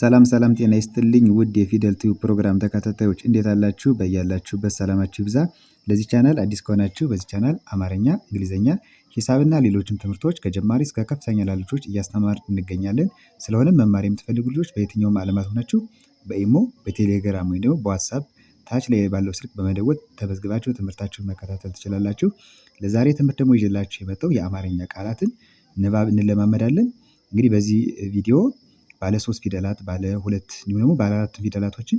ሰላም ሰላም፣ ጤና ይስጥልኝ ውድ የፊደል ቲዩብ ፕሮግራም ተከታታዮች እንዴት አላችሁ? በያላችሁበት ሰላማችሁ ይብዛ። ለዚህ ቻናል አዲስ ከሆናችሁ በዚህ ቻናል አማርኛ፣ እንግሊዝኛ፣ ሂሳብና ሌሎችም ትምህርቶች ከጀማሪ እስከ ከፍተኛ ላሉ እያስተማር እንገኛለን። ስለሆነም መማር የምትፈልጉ ልጆች በየትኛውም ዓለማት ሆናችሁ በኢሞ በቴሌግራም ወይም ደግሞ በዋትሳፕ ታች ላይ ባለው ስልክ በመደወል ተመዝግባችሁ ትምህርታችሁን መከታተል ትችላላችሁ። ለዛሬ ትምህርት ደግሞ ይዤላችሁ የመጣው የአማርኛ ቃላትን ንባብ እንለማመዳለን። እንግዲህ በዚህ ቪዲዮ ባለ ሶስት ፊደላት ባለ ሁለት እንዲሁም ደግሞ ባለ አራት ፊደላቶችን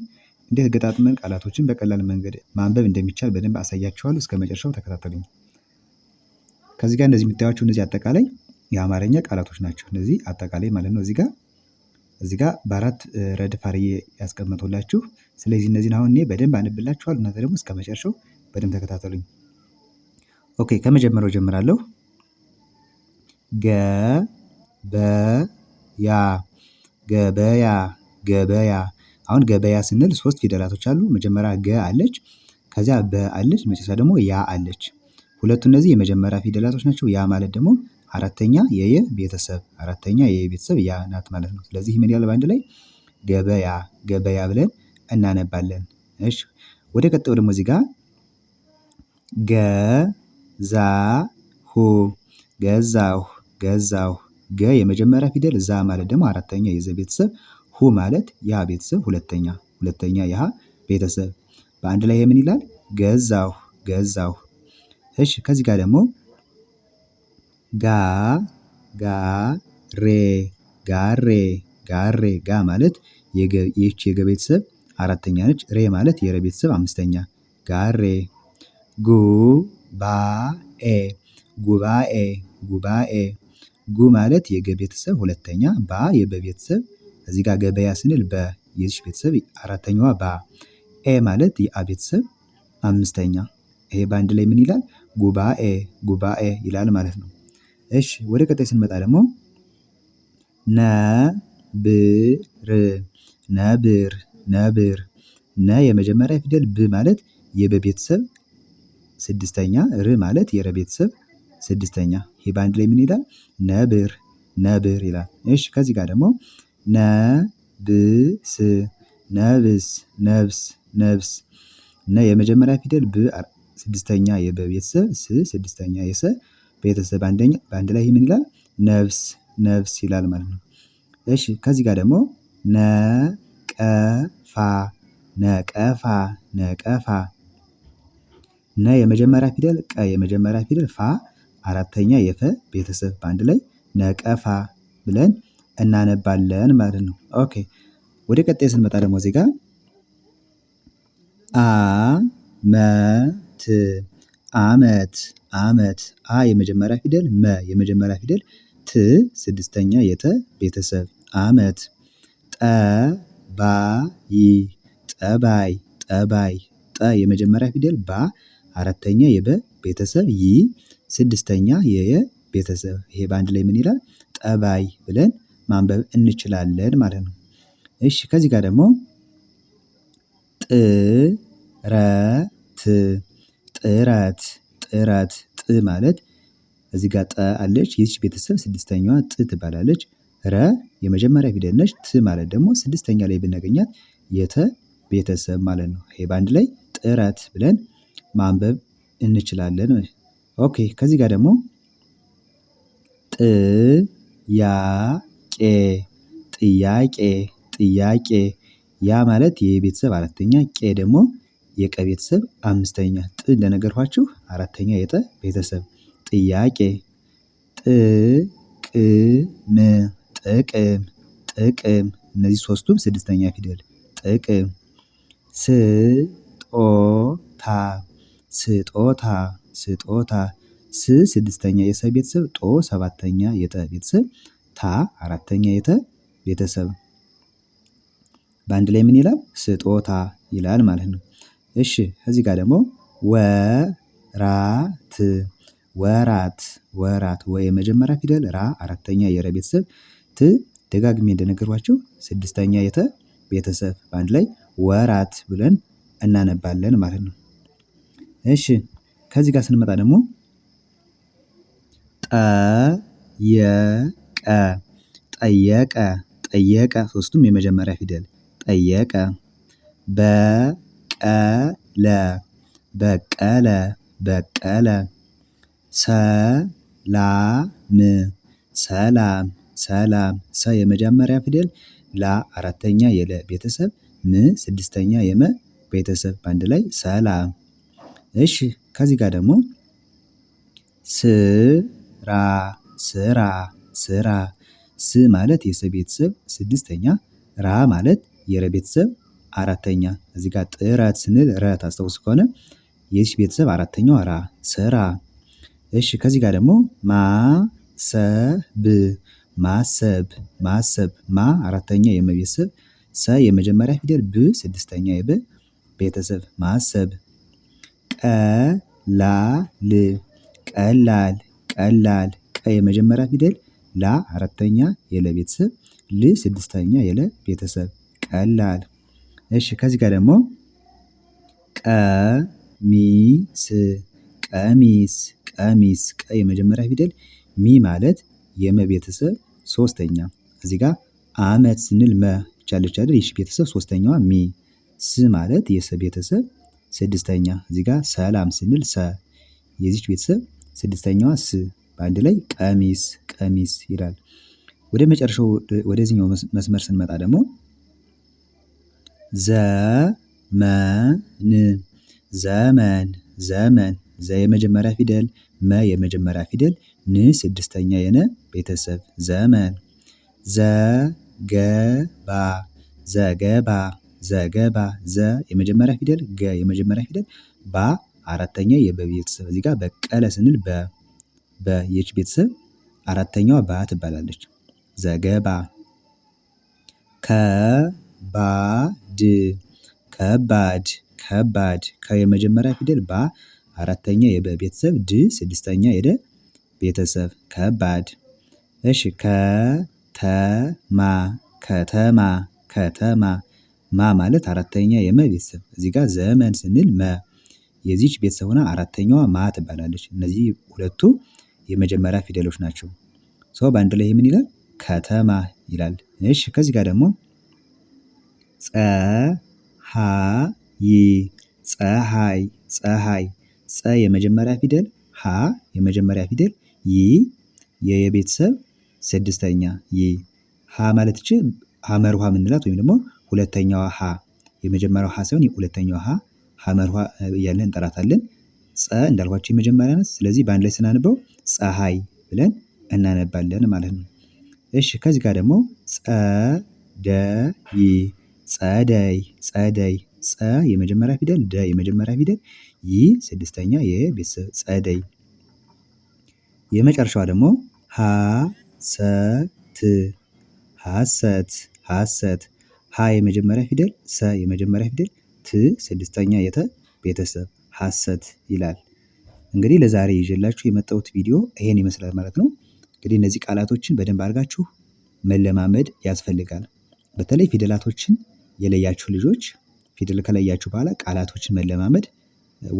እንዴት ገጣጥመን ቃላቶችን በቀላል መንገድ ማንበብ እንደሚቻል በደንብ አሳያችኋለሁ እስከ መጨረሻው ተከታተሉኝ። ከዚህ ጋር እንደዚህ የምታያቸው እነዚህ አጠቃላይ የአማርኛ ቃላቶች ናቸው። እነዚህ አጠቃላይ ማለት ነው። እዚህ ጋር እዚህ ጋር በአራት ረድፍ አርዬ ያስቀመጡላችሁ። ስለዚህ እነዚህን አሁን እኔ በደንብ አንብላችኋል። እናንተ ደግሞ እስከ መጨረሻው በደንብ ተከታተሉኝ። ኦኬ ከመጀመሪያው ጀምራለሁ። ገ ገበያ ገበያ አሁን ገበያ ስንል ሶስት ፊደላቶች አሉ መጀመሪያ ገ አለች ከዚያ በ አለች መጨረሻ ደግሞ ያ አለች። ሁለቱ እነዚህ የመጀመሪያ ፊደላቶች ናቸው ያ ማለት ደግሞ አራተኛ የየ ቤተሰብ አራተኛ የየ ቤተሰብ ያ ናት ማለት ነው። ስለዚህ ምን ያለ በአንድ ላይ ገበያ ገበያ ብለን እናነባለን። እሺ ወደ ቀጣዩ ደግሞ እዚህ ጋር ገዛሁ ገዛሁ ገ የመጀመሪያ ፊደል ዛ ማለት ደግሞ አራተኛ የዘ ቤተሰብ ሁ ማለት ያ ቤተሰብ ሁለተኛ ሁለተኛ ያ ቤተሰብ በአንድ ላይ የምን ይላል ገዛሁ ገዛሁ። እሺ ከዚህ ጋር ደግሞ ጋ ጋ ሬ ጋሬ ጋሬ ጋ ማለት ይህች የገ ቤተሰብ አራተኛ ነች። ሬ ማለት የረ ቤተሰብ አምስተኛ ጋሬ ጉባኤ ጉባኤ ጉባኤ ጉ ማለት የገ ቤተሰብ ሁለተኛ ባ የበ ቤተሰብ እዚህ ጋር ገበያ ስንል በ የዚች ቤተሰብ አራተኛዋ ባ ኤ ማለት የአ ቤተሰብ አምስተኛ ይሄ በአንድ ላይ ምን ይላል? ጉባኤ ጉባኤ ይላል ማለት ነው። እሺ ወደ ቀጣይ ስንመጣ ደግሞ ነ ብር ነብር ነብር ነ የመጀመሪያ ፊደል ብ ማለት የበ ቤተሰብ ስድስተኛ ር ማለት የረ ቤተሰብ ስድስተኛ ይሄ በአንድ ላይ ምን ይላል? ነብር ነብር ይላል። እሺ ከዚህ ጋር ደግሞ ነብስ ነብስ ነብስ ነብስ ነ የመጀመሪያ ፊደል ብ ስድስተኛ የበ ቤተሰብ ስ ስድስተኛ የሰ ቤተሰብ አንደኛ በአንድ ላይ ምን ይላል? ነብስ ነብስ ይላል ማለት ነው። እሺ ከዚህ ጋር ደግሞ ነቀፋ ነቀፋ ነቀፋ ነ የመጀመሪያ ፊደል ቀ የመጀመሪያ ፊደል ፋ አራተኛ የፈ ቤተሰብ በአንድ ላይ ነቀፋ ብለን እናነባለን ማለት ነው። ኦኬ ወደ ቀጣይ ስንመጣ ደግሞ እዚህ ጋር አ መት አመት አመት አ የመጀመሪያ ፊደል መ የመጀመሪያ ፊደል ት ስድስተኛ የተ ቤተሰብ አመት ጠባይ ጠባይ ጠባይ ጠ የመጀመሪያ ፊደል ባ አራተኛ የበ ቤተሰብ ይ ስድስተኛ የቤተሰብ ይሄ በአንድ ላይ ምን ይላል ጠባይ ብለን ማንበብ እንችላለን ማለት ነው። እሺ ከዚህ ጋር ደግሞ ጥረት ጥረት ጥረት ጥ ማለት እዚህ ጋር ጠ አለች ይህች ቤተሰብ ስድስተኛዋ ጥ ትባላለች። ረ የመጀመሪያ ፊደል ነች። ት ማለት ደግሞ ስድስተኛ ላይ ብናገኛት የተ ቤተሰብ ማለት ነው። ይሄ በአንድ ላይ ጥረት ብለን ማንበብ እንችላለን። ኦኬ ከዚህ ጋር ደግሞ ጥያቄ ጥያቄ ጥያቄ ያ ማለት የቤተሰብ አራተኛ ቄ ደግሞ የቀ ቤተሰብ አምስተኛ ጥ እንደነገርኳችሁ አራተኛ የጠ ቤተሰብ ጥያቄ ጥቅም ጥቅም ጥቅም እነዚህ ሶስቱም ስድስተኛ ፊደል ጥቅም ስጦታ ስጦታ ስጦታ ስ ስድስተኛ የሰ ቤተሰብ ጦ ሰባተኛ የጠ ቤተሰብ ታ አራተኛ የተ ቤተሰብ በአንድ ላይ ምን ይላል? ስጦታ ይላል ማለት ነው። እሺ ከዚህ ጋር ደግሞ ወራት ወራት ወራት ወ የመጀመሪያ ፊደል ራ አራተኛ የረ ቤተሰብ ት ደጋግሜ እንደነገሯችሁ ስድስተኛ የተ ቤተሰብ በአንድ ላይ ወራት ብለን እናነባለን ማለት ነው። እሺ ከዚህ ጋር ስንመጣ ደግሞ ጠየቀ ጠየቀ ጠየቀ ሶስቱም የመጀመሪያ ፊደል ጠየቀ። በቀለ በቀለ በቀለ ሰላም ሰላም ሰላም ሰ የመጀመሪያ ፊደል ላ አራተኛ የለ ቤተሰብ ም ስድስተኛ የመ ቤተሰብ በአንድ ላይ ሰላም እሺ ከዚህ ጋር ደግሞ ስራ ስራ ስራ ስ ማለት የሰ ቤተሰብ ስድስተኛ ራ ማለት የረ ቤተሰብ አራተኛ እዚህ ጋር ጥረት ስንል ረ ታስታውስ ከሆነ የሽ ቤተሰብ አራተኛው ራ ስራ። እሺ ከዚህ ጋር ደግሞ ማሰብ ማሰብ ማሰብ ማ አራተኛ የመ ቤተሰብ ሰ የመጀመሪያ ፊደል ብ ስድስተኛ የበ ቤተሰብ ማሰብ ቀላል ቀላል ቀላል ቀ የመጀመሪያ ፊደል ላ አራተኛ የለ ቤተሰብ ል ስድስተኛ የለ ቤተሰብ ቀላል። እሺ ከዚህ ጋር ደግሞ ቀሚስ ቀሚስ ቀሚስ ቀ የመጀመሪያ ፊደል ሚ ማለት የመ ቤተሰብ ሶስተኛ እዚህ ጋር አመት ስንል መ ቻለች አይደል? ይሽ ቤተሰብ ሶስተኛዋ ሚ ስ ማለት የሰ ቤተሰብ ስድስተኛ እዚህ ጋር ሰላም ስንል ሰ የዚች ቤተሰብ ስድስተኛዋ ስ በአንድ ላይ ቀሚስ ቀሚስ ይላል። ወደ መጨረሻው ወደዚህኛው መስመር ስንመጣ ደግሞ ዘመን ዘመን ዘመን ዘ የመጀመሪያ ፊደል መ የመጀመሪያ ፊደል ን ስድስተኛ የነ ቤተሰብ ዘመን ዘገባ ዘገባ ዘገባ ዘ የመጀመሪያ ፊደል ገ የመጀመሪያ ፊደል ባ አራተኛ የበ ቤተሰብ እዚህ ጋር በቀለ ስንል በ በየች ቤተሰብ አራተኛዋ ባ ትባላለች። ዘገባ ከባድ ከባድ ከባድ ከየመጀመሪያ ፊደል ባ አራተኛ የበ ቤተሰብ ድ ስድስተኛ የደ ቤተሰብ ከባድ። እሺ ከተማ ከተማ ከተማ ማ ማለት አራተኛ የመ ቤተሰብ እዚህ ጋር ዘመን ስንል መ የዚች ቤተሰብ ሆና አራተኛዋ ማ ትባላለች። እነዚህ ሁለቱ የመጀመሪያ ፊደሎች ናቸው። ሰው በአንድ ላይ ምን ይላል? ከተማ ይላል። እሺ ከዚህ ጋር ደግሞ ፀሀይ ፀሀይ ፀሀይ ፀ የመጀመሪያ ፊደል ሀ የመጀመሪያ ፊደል ይ የቤተሰብ ስድስተኛ ይ ሀ ማለት ች ሀመርሃ የምንላት ወይም ደግሞ ሁለተኛዋ ሀ የመጀመሪያው ሀ ሳይሆን ሁለተኛው ሀ ሀመርዋ እያለን እንጠራታለን። ፀ እንዳልኳቸው የመጀመሪያ ናት። ስለዚህ በአንድ ላይ ስናንበው ፀሐይ ብለን እናነባለን ማለት ነው። እሺ ከዚህ ጋር ደግሞ ጸደይ ፀደይ ፀደይ ፀ የመጀመሪያ ፊደል ደ የመጀመሪያ ፊደል ይህ ስድስተኛ የቤተሰብ ፀደይ የመጨረሻዋ ደግሞ ሀሰት ሀሰት ሀሰት ሀ የመጀመሪያ ፊደል ሰ የመጀመሪያ ፊደል ት ስድስተኛ የተ ቤተሰብ ሀሰት ይላል። እንግዲህ ለዛሬ ይዤላችሁ የመጣሁት ቪዲዮ ይሄን ይመስላል ማለት ነው። እንግዲህ እነዚህ ቃላቶችን በደንብ አድርጋችሁ መለማመድ ያስፈልጋል። በተለይ ፊደላቶችን የለያችሁ ልጆች ፊደል ከለያችሁ በኋላ ቃላቶችን መለማመድ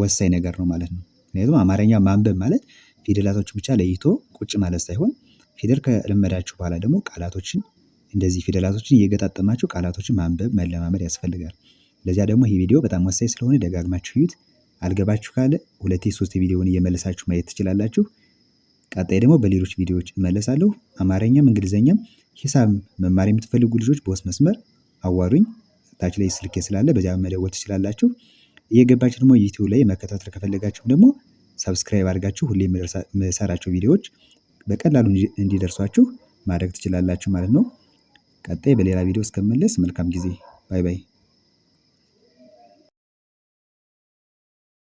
ወሳኝ ነገር ነው ማለት ነው። ምክንያቱም አማርኛ ማንበብ ማለት ፊደላቶችን ብቻ ለይቶ ቁጭ ማለት ሳይሆን ፊደል ከለመዳችሁ በኋላ ደግሞ ቃላቶችን እንደዚህ ፊደላቶችን እየገጣጠማችሁ ቃላቶችን ማንበብ መለማመድ ያስፈልጋል። ለዚያ ደግሞ ይሄ ቪዲዮ በጣም ወሳኝ ስለሆነ ደጋግማችሁ እዩት። አልገባችሁ ካለ ሁለቴ ሶስቴ ቪዲዮውን እየመለሳችሁ ማየት ትችላላችሁ። ቀጣይ ደግሞ በሌሎች ቪዲዮዎች እመለሳለሁ። አማርኛም እንግሊዘኛም ሂሳብ መማር የምትፈልጉ ልጆች በውስጥ መስመር አዋሩኝ። ታች ላይ ስልኬ ስላለ በዚያ መደወል ትችላላችሁ። እየገባችሁ ደግሞ ዩቲዩብ ላይ መከታተል ከፈለጋችሁም ደግሞ ሰብስክራይብ አድርጋችሁ ሁሌ የምሰራቸው ቪዲዮዎች በቀላሉ እንዲደርሷችሁ ማድረግ ትችላላችሁ ማለት ነው። ቀጣይ በሌላ ቪዲዮ እስከምንለስ መልካም ጊዜ ባይ ባይ